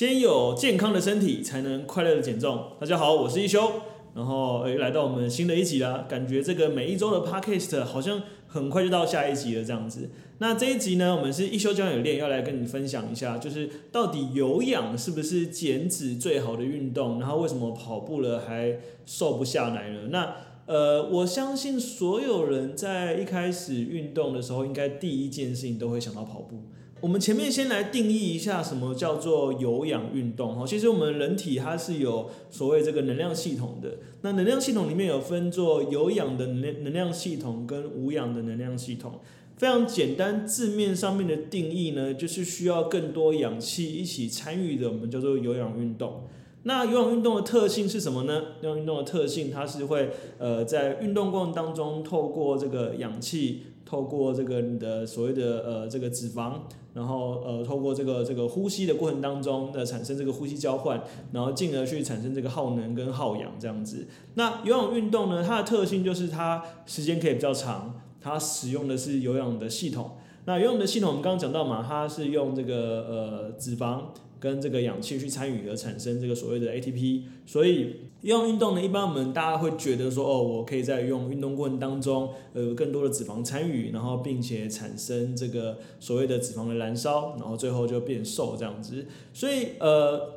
先有健康的身體，才能快樂的減重。大家好，我是一休，然後誒、欸，來到我們新的一集啦，感覺這個每一周的 podcast 好像很快就到下一集了這樣子。那這一集呢，我們是一休教你練，要來跟你分享一下，就是到底有氧是不是減脂最好的運動？然後為什麼跑步了還瘦不下來呢？那呃，我相信所有人在一開始運動的時候，應該第一件事情都會想到跑步。我們前面先來定義一下什麼叫做有氧運動哈，其實我們人體它是有所謂這個能量系統的，那能量系統裡面有分做有氧的能能量系統跟無氧的能量系統。非常簡單，字面上面的定義呢，就是需要更多氧氣一起參與的，我們叫做有氧運動。那有氧運動的特性是什麼呢？有氧運動的特性，它是會呃在運動過程當中透過這個氧氣。透過這個你的所謂的呃這個脂肪，然後呃透過這個這個呼吸的過程當中的產生這個呼吸交換，然後進而去產生這個耗能跟耗氧這樣子。那有氧運動呢，它的特性就是它時間可以比較長，它使用的是有氧的系統。那有氧的系統，我們剛剛講到嘛，它是用這個呃脂肪跟這個氧氣去參與而產生這個所謂的 ATP，所以有氧運動呢，一般我們大家會覺得說，哦，我可以在有氧運動過程當中，呃，有更多的脂肪參與，然後並且產生這個所謂的脂肪的燃燒，然後最後就變瘦這樣子。所以呃，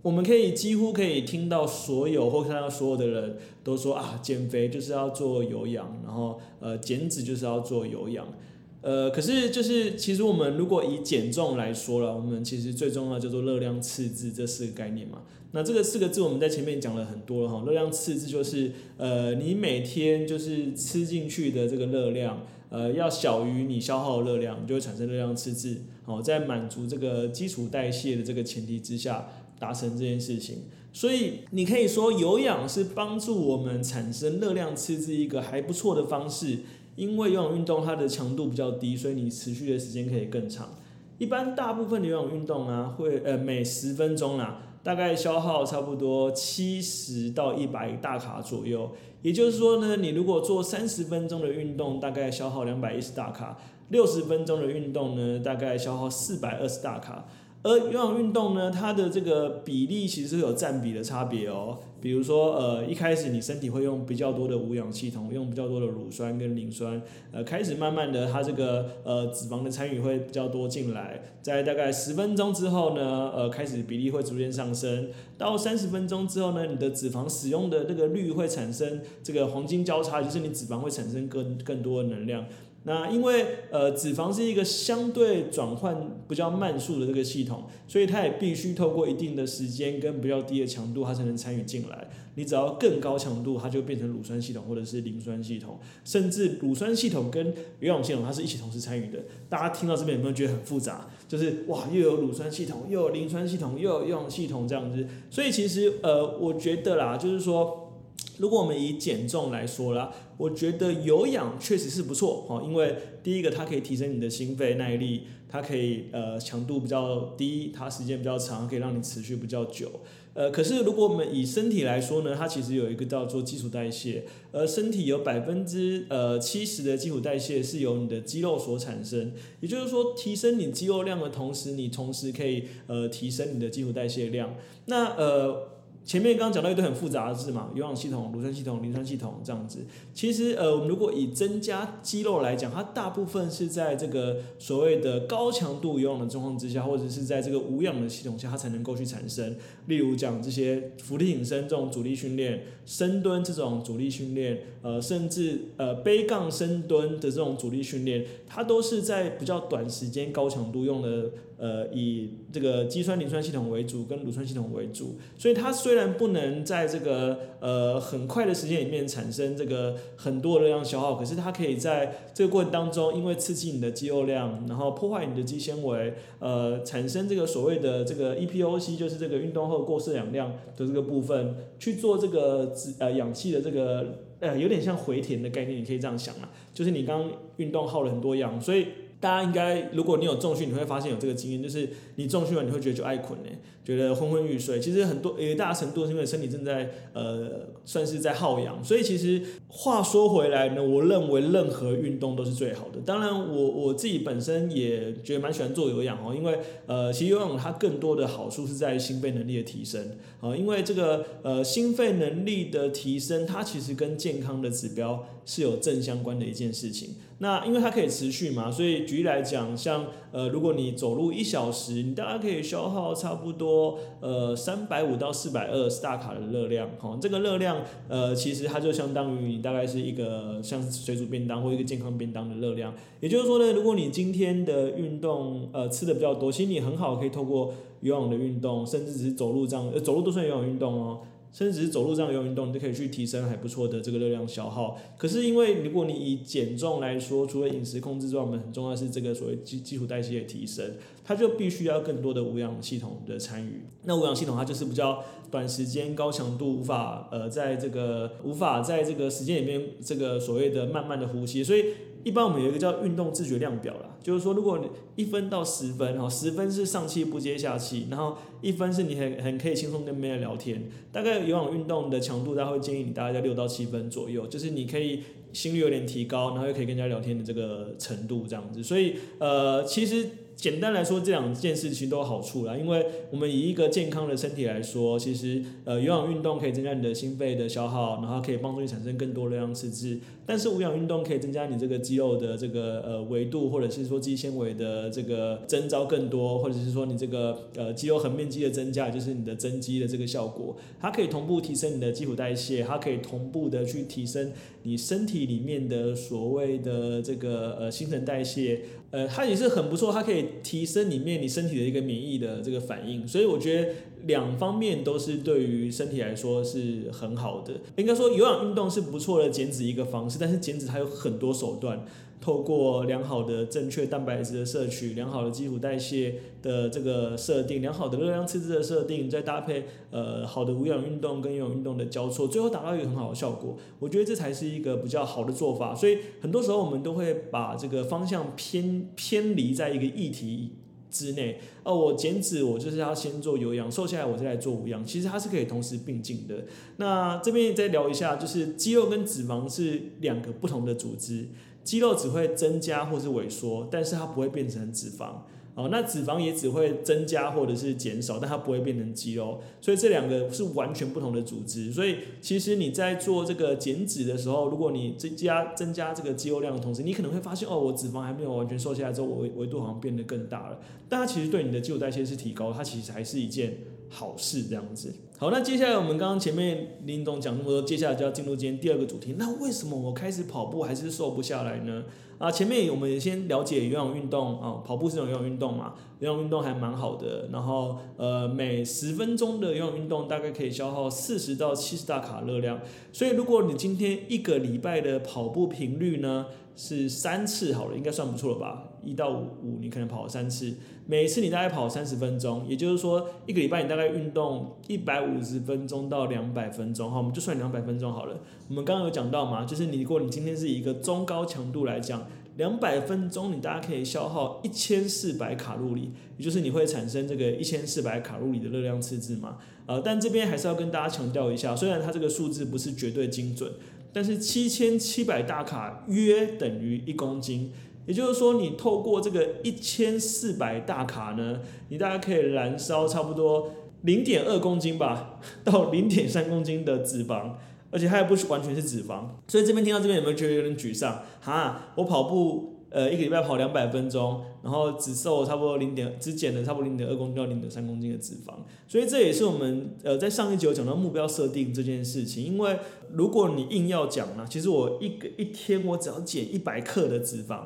我們可以幾乎可以聽到所有或看到所有的人都說啊，減肥就是要做有氧，然後呃減脂就是要做有氧。呃，可是就是其實我們如果以減重來說了，我們其實最重要叫做熱量赤字這四個概念嘛。那這個四個字我們在前面講了很多了哈，熱量赤字就是呃你每天就是吃進去的這個熱量，呃要小於你消耗的熱量，你就會產生熱量赤字。好，呃，在滿足這個基礎代謝的這個前提之下，達成這件事情。所以你可以說有氧是幫助我們產生熱量赤字一個還不錯的方式。因為有氧運動它的強度比較低，所以你持續的時間可以更長。一般大部分的有氧運動啊，會呃每十分鐘啦、啊，大概消耗差不多七十到一百大卡左右。也就是說呢，你如果做三十分鐘的運動，大概消耗兩百一十大卡；六十分鐘的運動呢，大概消耗四百二十大卡。而有氧運動呢，它的這個比例其實是有占比的差別哦。比如說，呃，一開始你身體會用比較多的無氧系統，用比較多的乳酸跟磷酸。呃，開始慢慢的，它這個呃脂肪的參與會比較多進來。在大概十分鐘之後呢，呃，開始比例會逐漸上升。到三十分鐘之後呢，你的脂肪使用的那個率會產生這個黃金交叉，就是你脂肪會產生更更多的能量。那因為呃脂肪是一個相對轉換比較慢速的這個系統，所以它也必須透過一定的時間跟比較低的強度，它才能參與進來。你只要更高強度，它就變成乳酸系統或者是磷酸系統，甚至乳酸系統跟有氧系統它是一起同時參與的。大家聽到這邊有沒有覺得很複雜？就是哇，又有乳酸系統，又有磷酸系統，又有有氧系統這樣子。所以其實呃，我覺得啦，就是說。如果我們以減重來說啦，我覺得有氧確實是不錯，因為第一個它可以提升你的心肺耐力，它可以呃強度比較低，它時間比較長，可以讓你持續比較久。呃，可是如果我們以身體來說呢，它其實有一個叫做基礎代謝，而身體有百分之呃七十的基礎代謝是由你的肌肉所產生，也就是說，提升你肌肉量的同時，你同時可以呃提升你的基礎代謝量。那呃。前面剛講到一堆很複雜的字嘛，有氧系統、乳酸系統、磷酸系統這樣子。其實呃，我們如果以增加肌肉來講，它大部分是在這個所謂的高強度有氧的狀況之下，或者是在這個無氧的系統下，它才能夠去產生。例如講這些伏地挺身這種阻力訓練、深蹲這種阻力訓練，呃，甚至呃背槓深蹲的這種阻力訓練，它都是在比較短時間高強度用的，呃，以這個肌酸磷酸系統為主，跟乳酸系統為主。所以它雖然雖然不能在這個呃很快的時間裡面產生這個很多熱量消耗，可是它可以在這個過程當中，因為刺激你的肌肉量，然後破壞你的肌纖維，呃，產生這個所謂的這個 EPOC，就是這個運動後過攝氧量的這個部分，去做這個呃氧氣的這個呃有點像回填的概念，你可以這樣想嘛、啊，就是你剛運動耗了很多氧，所以。大家應該，如果你有重訓，你會發現有這個經驗，就是你重訓完你會覺得就愛困呢、欸，覺得昏昏欲睡。其實很多也、欸、大程度是因為身體正在呃算是在耗氧，所以其實話說回來呢，我認為任何運動都是最好的。當然我，我我自己本身也覺得蠻喜歡做有氧哦，因為呃，其實有氧它更多的好處是在於心肺能力的提升啊，因為這個呃心肺能力的提升，它其實跟健康的指標是有正相關的一件事情。那因為它可以持續嘛，所以舉例來講，像呃，如果你走路一小時，你大概可以消耗差不多呃三百五到四百二十大卡的熱量，吼，這個熱量呃其實它就相當於你大概是一個像水煮便當或一個健康便當的熱量。也就是說呢，如果你今天的運動呃吃的比較多，其實你很好可以透過有氧的運動，甚至只是走路這樣，呃走路都算有氧運動哦。甚至是走路這樣的有氧運動，你都可以去提升還不錯的這個熱量消耗。可是因為如果你以減重來說，除了飲食控制之外，我們很重要是這個所謂基基礎代謝的提升，它就必須要更多的無氧系統的參與。那無氧系統它就是比較短時間高強度，無法呃在這個無法在這個時間裡面這個所謂的慢慢的呼吸，所以。一般我們有一個叫運動自覺量表啦，就是說，如果你一分到十分，哈，十分是上氣不接下氣，然後一分是你很很可以輕鬆跟別人聊天，大概有氧運動的強度，大家會建議你大概在六到七分左右，就是你可以心率有點提高，然後又可以跟人家聊天的這個程度這樣子，所以呃，其實。簡單來說，這兩件事情都有好處啦。因為我們以一個健康的身體來說，其實呃有氧運動可以增加你的心肺的消耗，然後可以幫助你產生更多熱量赤字。但是無氧運動可以增加你這個肌肉的這個呃維度，或者是說肌纖維的這個增招更多，或者是說你這個呃肌肉橫面積的增加，就是你的增肌的這個效果。它可以同步提升你的基礎代謝，它可以同步的去提升你身體裡面的所謂的這個呃新陳代謝。呃，它也是很不錯，它可以提升你免你身體的一個免疫的這個反應，所以我覺得。兩方面都是對於身體來說是很好的，應該說有氧運動是不錯的減脂一個方式，但是減脂它有很多手段，透過良好的正確蛋白質的攝取，良好的基礎代謝的這個設定，良好的熱量赤字的設定，再搭配呃好的無氧運動跟有氧運動的交錯，最後達到一個很好的效果，我覺得這才是一個比較好的做法，所以很多時候我們都會把這個方向偏偏離在一個議題，之內，呃、啊，我減脂我就是要先做有氧，瘦下來我再來做無氧，其實它是可以同時並進的。那這邊再聊一下，就是肌肉跟脂肪是兩個不同的組織，肌肉只會增加或是萎縮，但是它不會變成脂肪。哦，那脂肪也只會增加或者是減少，但它不會變成肌肉，所以這兩個是完全不同的組織。所以其實你在做這個減脂的時候，如果你增加增加這個肌肉量的同時，你可能會發現，哦，我脂肪還沒有完全瘦下來之後，我圍維度好像變得更大了。但它其實對你的基礎代謝是提高，它其實還是一件好事這樣子，好，那接下來我們剛剛前面林總講那麼多，接下來就要進入今天第二個主題。那為什麼我開始跑步還是瘦不下來呢？啊，前面我們也先了解有氧運動啊，跑步是種有氧運動嘛，有氧運動還蠻好的。然後呃，每十分鐘的有氧運動大概可以消耗四十到七十大卡熱量。所以如果你今天一個禮拜的跑步頻率呢是三次好了，應該算不錯了吧。一到五五，你可能跑三次，每次你大概跑三十分鐘，也就是說一個禮拜你大概運動一百五十分鐘到兩百分鐘哈，我們就算兩百分鐘好了。我們剛剛有講到嘛，就是你如果你今天是一個中高強度來講，兩百分鐘你大概可以消耗一千四百卡路里，也就是你會產生這個一千四百卡路里的熱量赤字嘛。呃，但這邊還是要跟大家強調一下，雖然它這個數字不是絕對精準，但是七千七百大卡約等於一公斤。也就是說，你透過這個一千四百大卡呢，你大概可以燃燒差不多零點二公斤吧，到零點三公斤的脂肪，而且它也不是完全是脂肪。所以這邊聽到這邊有沒有覺得有點沮喪哈，我跑步，呃，一個禮拜跑兩百分鐘，然後只瘦了差不多零點，只減了差不多零點二公斤到零點三公斤的脂肪。所以這也是我們呃在上一集有講到目標設定這件事情，因為如果你硬要講呢，其實我一個一天我只要減一百克的脂肪。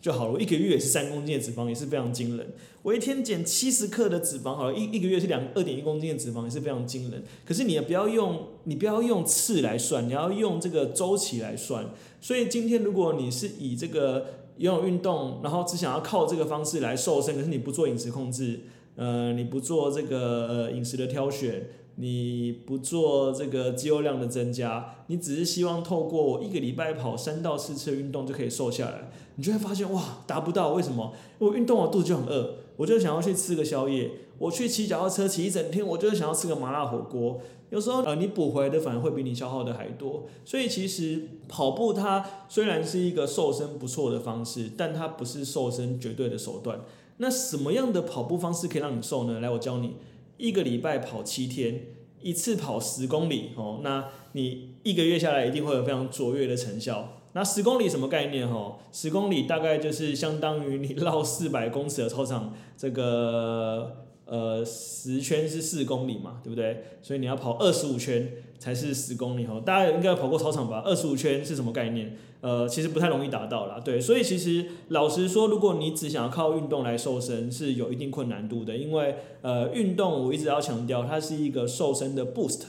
就好了，我一個月也是三公斤的脂肪，也是非常驚人。我一天減七十克的脂肪，好了，一一個月是兩二點一公斤的脂肪，也是非常驚人。可是你也不要用，你不要用次來算，你要用這個週期來算。所以今天如果你是以這個有氧運動，然後只想要靠這個方式來瘦身，可是你不做飲食控制，呃，你不做這個飲食的挑選。你不做這個肌肉量的增加，你只是希望透過我一個禮拜跑三到四次運動就可以瘦下來，你就會發現哇達不到，為什麼？我運動我肚子就很餓，我就想要去吃個宵夜。我去騎腳踏車騎一整天，我就是想要吃個麻辣火鍋。有時候呃，你補回來的反而會比你消耗的還多。所以其實跑步它雖然是一個瘦身不錯的方式，但它不是瘦身絕對的手段。那什麼樣的跑步方式可以讓你瘦呢？來，我教你。一個禮拜跑七天，一次跑十公里哦，那你一個月下來一定會有非常卓越的成效。那十公里什麼概念？哦，十公里大概就是相當於你繞四百公尺的操場，這個呃十圈是四公里嘛，對不對？所以你要跑二十五圈才是十公里哦。大家應該跑過操場吧？二十五圈是什麼概念？呃，其實不太容易達到啦。對，所以其實老實說，如果你只想要靠運動來瘦身，是有一定困難度的，因為呃，運動我一直要強調，它是一個瘦身的 boost，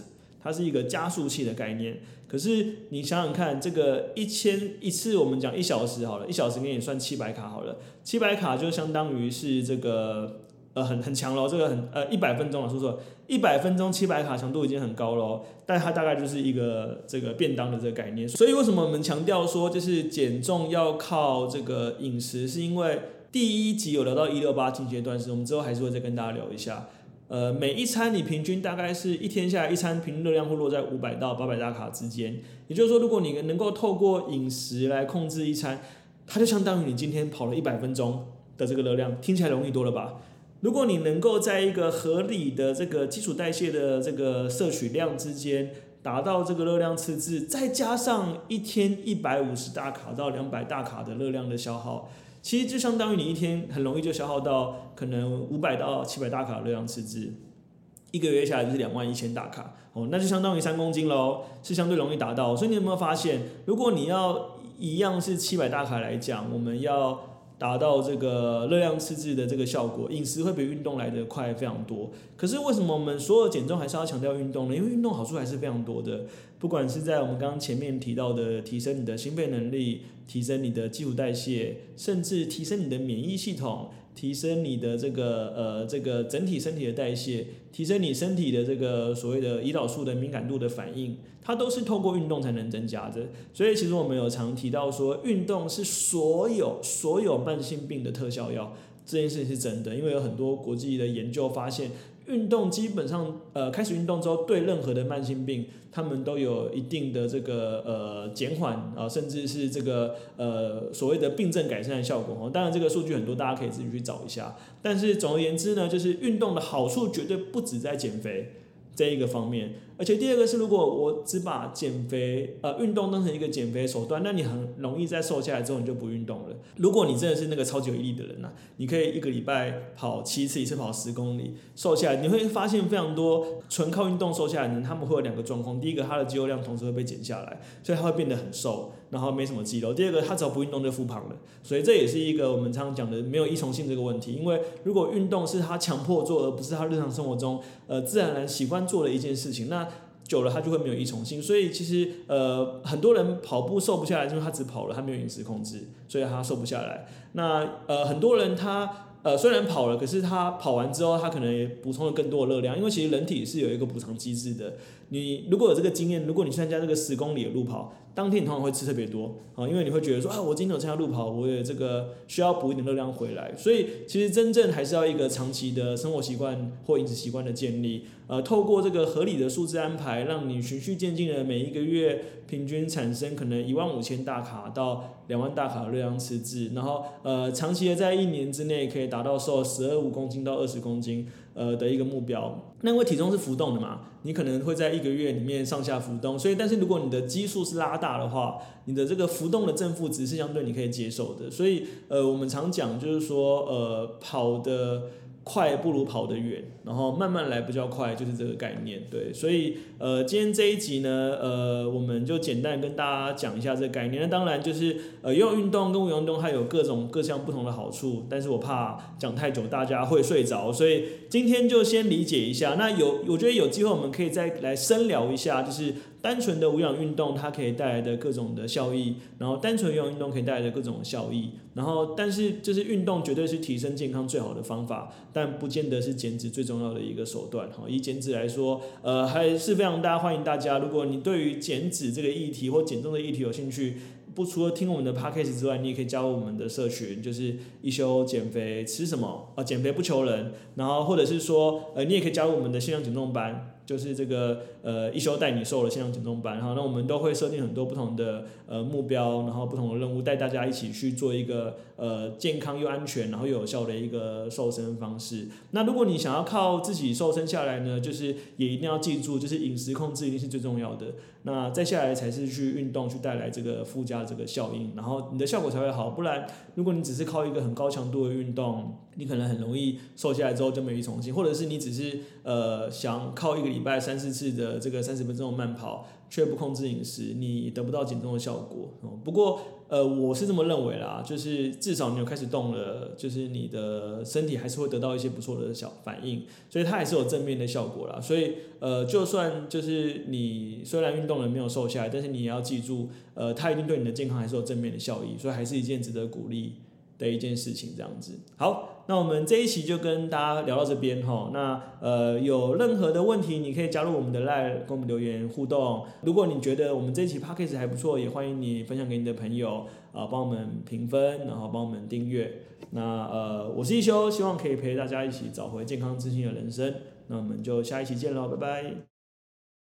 它是一個加速器的概念。可是你想想看，這個一千一次，我們講一小時好了，一小時你也算七百卡好了，七百卡就相當於是這個。呃、很很強嘍，這個很呃一百分鐘了，是不是一百分鐘七百卡強度已經很高嘍，但它大概就是一個這個便當的這個概念。所以為什麼我們強調說就是減重要靠這個飲食，是因為第一集有聊到一六八進階斷食，我們之後還是會再跟大家聊一下。呃，每一餐你平均大概是一天下來一餐平均熱量會落在五百到八百大卡之間，也就是說如果你能夠透過飲食來控制一餐，它就相當於你今天跑了一百分鐘的這個熱量，聽起來容易多了吧？如果你能夠在一個合理的這個基礎代謝的這個攝取量之間，達到這個熱量赤字，再加上一天一百五十大卡到兩百大卡的熱量的消耗，其實就相當於你一天很容易就消耗到可能五百到七百大卡熱量赤字，一個月下來就是兩萬一千大卡，哦，那就相當於三公斤嘍，是相對容易達到。所以你有沒有發現，如果你要一樣是七百大卡來講，我們要。達到這個熱量赤字的這個效果，飲食會比運動來得快非常多。可是為什麼我們所有減重還是要強調運動呢？因為運動好處還是非常多的，不管是在我們剛剛前面提到的提升你的心肺能力、提升你的基礎代謝，甚至提升你的免疫系統。提升你的這個呃這個整體身體的代謝，提升你身體的這個所謂的胰島素的敏感度的反應，它都是透過運動才能增加的。所以其實我們有常提到說，運動是所有所有慢性病的特效藥，這件事情是真的，因為有很多國際的研究發現。運動基本上，呃，開始運動之後，對任何的慢性病，他們都有一定的這個呃減緩啊，甚至是這個呃所謂的病症改善的效果。當然，這個數據很多，大家可以自己去找一下。但是總而言之呢，就是運動的好處絕對不止在減肥。這一個方面，而且第二個是，如果我只把減肥呃運動當成一個減肥手段，那你很容易在瘦下來之後，你就不運動了。如果你真的是那個超級有毅力的人吶啊，你可以一個禮拜跑七次，一次跑十公里，瘦下來，你會發現非常多純靠運動瘦下來的人，他們會有兩個狀況：第一個，他的肌肉量同時會被減下來，所以他會變得很瘦。然後沒什麼肌肉。第二個，他只要不運動就復胖了，所以這也是一個我們常常講的沒有依從性這個問題。因為如果運動是他強迫做，而不是他日常生活中呃自然而然喜歡做的一件事情，那久了他就會沒有依從性。所以其實呃很多人跑步瘦不下來，就是他只跑了，他沒有飲食控制，所以他瘦不下來。那呃很多人他呃雖然跑了，可是他跑完之後他可能也補充了更多的熱量，因為其實人體是有一個補償機制的。你如果有這個經驗，如果你參加這個十公里的路跑，當天你通常會吃特別多啊，因為你會覺得說，啊，我今天有參加路跑，我也這個需要補一點熱量回來，所以其實真正還是要一個長期的生活習慣或飲食習慣的建立，呃，透過這個合理的數字安排，讓你循序漸進的每一個月平均產生可能一萬五千大卡到兩萬大卡的熱量赤字，然後呃，長期的在一年之內可以達到瘦十二五公斤到二十公斤，呃的一個目標，那因為體重是浮動的嘛，你可能會在一個月裡面上下浮動，所以但是如果你的基數是拉大的話，你的這個浮動的正負值是相對你可以接受的，所以呃我們常講就是說呃跑的快不如跑得遠，然後慢慢來比較快，就是這個概念。對，所以呃，今天這一集呢，呃，我們就簡單跟大家講一下這個概念。那當然就是，呃，有氧運動跟無氧運動它有各種各項不同的好處，但是我怕講太久大家會睡着，所以今天就先理解一下。那有，我覺得有機會我們可以再來深聊一下，就是。單純的無氧運動，它可以帶來的各種的效益，然後單純有氧運動可以帶來的各種的效益，然後但是就是運動絕對是提升健康最好的方法，但不見得是減脂最重要的一個手段。哈，以減脂來說，呃還是非常大歡迎大家，如果你對於減脂這個議題或減重的議題有興趣，不除了聽我們的 podcast 之外，你也可以加入我們的社群，就是一休減肥吃什麼啊？減肥不求人，然後或者是說，呃你也可以加入我們的線上減重班。就是這個呃一休帶你瘦的線上減重班，哈，那我們都會設定很多不同的呃目標，然後不同的任務，帶大家一起去做一個呃健康又安全，然後又有效的一個瘦身方式。那如果你想要靠自己瘦身下來呢，就是也一定要記住，就是飲食控制一定是最重要的。那再下來才是去運動，去帶來這個附加這個效應，然後你的效果才會好。不然，如果你只是靠一個很高強度的運動，你可能很容易瘦下來之後就沒一重新，或者是你只是呃想靠一個。禮拜三四次的這個三十分鐘慢跑，卻不控制飲食，你得不到減重的效果。不過，呃，我是這麼認為啦，就是至少你有開始動了，就是你的身體還是會得到一些不錯的小反應，所以它也是有正面的效果啦。所以，呃，就算就是你雖然運動了沒有瘦下來，但是你也要記住，呃，它一定對你的健康還是有正面的效益，所以還是一件值得鼓勵的一件事情。這樣子，好。那我們這一期就跟大家聊到這邊哈，那呃有任何的問題，你可以加入我們的 LINE 跟我們留言互動。如果你覺得我們這一期 podcast 還不錯，也歡迎你分享給你的朋友，啊、呃、幫我們評分，然後幫我們訂閱。那呃我是一休，希望可以陪大家一起找回健康自信的人生。那我們就下一期見嘍，拜拜。